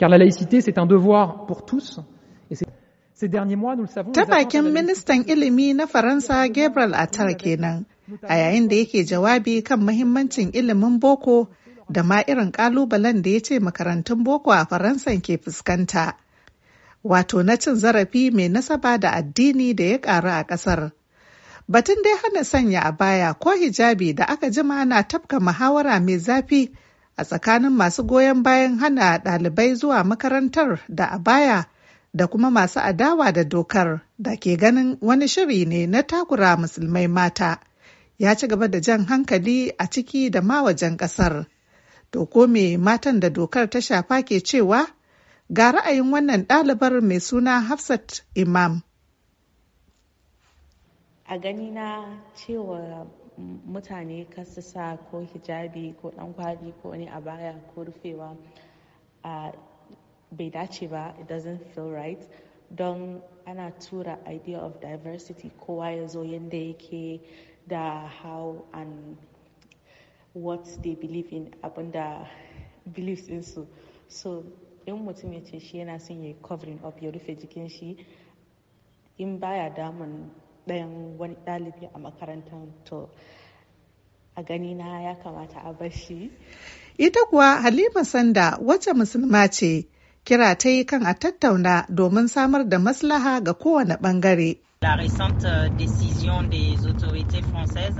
Car la laïcité, c'est un devoir pour tous. Et ces derniers mois, nous le savons. Ta bakin ministan ilimi na Faransa Gabriel Atar kenan, a yayin da yake jawabi kan mahimmancin ilimin boko da ma irin kalubalen da ya ce makarantun boko a Faransa ke fuskanta. Wato na cin zarafi mai nasaba da addini da ya karu a ƙasar. Batun dai hana sanya a baya ko hijabi da aka jima na tafka muhawara mai zafi a tsakanin masu goyon bayan hana ɗalibai zuwa makarantar da a baya da kuma masu adawa da dokar da ke ganin wani shiri ne na takura musulmai mata ya ci gaba da jan hankali a ciki da ma wajen ƙasar. To ko me matan da dokar ta shafa ke cewa ga ra'ayin wannan ɗalibar mai suna Hafsat Imam. A ganina cewa mutane kasu sa ko hijabi ko ɗan kwali ko wani baya ko rufewa bai dace ba it doesn't feel right don ana tura idea of diversity kowa ya zo yadda yake da how and what they believe in abinda beliefs insu so in mutum ya ce shi yana son ya covering up ya rufe jikin shi in baya damun ɗayan wani ɗalibi a makarantar to a gani ya kamata a bashi ita kuwa halima sanda wacce musulma ce kira ta yi kan a tattauna domin samar da maslaha ga kowane bangare La récente euh, décision des autorités françaises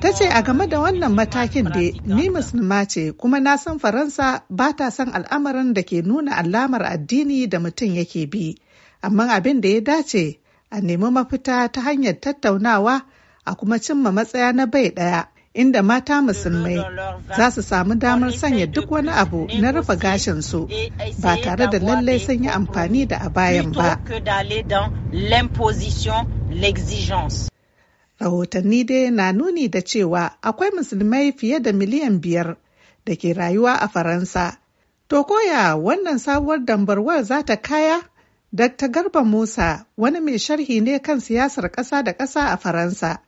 Ta ce a game da wannan matakin da ni musulma ce kuma na san Faransa ba ta son al'amarin da ke nuna alamar addini da mutum yake bi, amma abin da ya dace a nemi mafita ta hanyar tattaunawa a kuma cimma matsaya na bai ɗaya inda mata musulmai za su samu damar sanya duk wani abu na rufe gashinsu ba tare da lallai sun yi amfani da a bayan ba. Rahotanni dai na nuni da cewa akwai musulmai fiye da miliyan biyar da ke rayuwa a Faransa. To koya wannan sabuwar dambarwar za ta kaya? Dr. Garba Musa wani mai sharhi ne kan siyasar ƙasa da ƙasa a Faransa.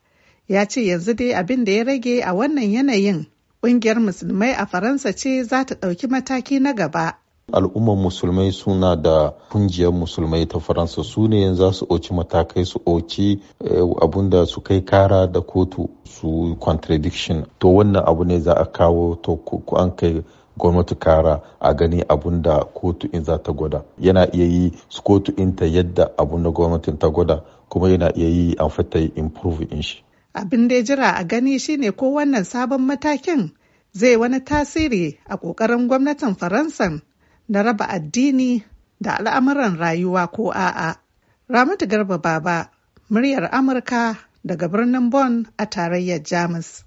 Ya ce yanzu dai abin da ya rage a wannan yanayin ƙungiyar musulmai a Faransa ce za ta ɗauki mataki na gaba. al'ummar musulmai suna da kungiyar musulmai ta faransa su ne za su oci matakai su oci eh, da su kai kara da kotu su contradiction to wannan abu ne za a kawo to an kai gwamnati kara a gani abun da kotu in za ta gwada yana iya yi su kotu in ta yadda abun da gwamnatin ta gwada kuma yana iya yi an fata yi improve in shi abin da jira a gani shine ko wannan sabon matakin zai wani tasiri a ƙoƙarin gwamnatin faransan na raba addini da al'amuran rayuwa ko a'a ramatu garba baba muryar amurka daga birnin Bonn a tarayyar Jamus.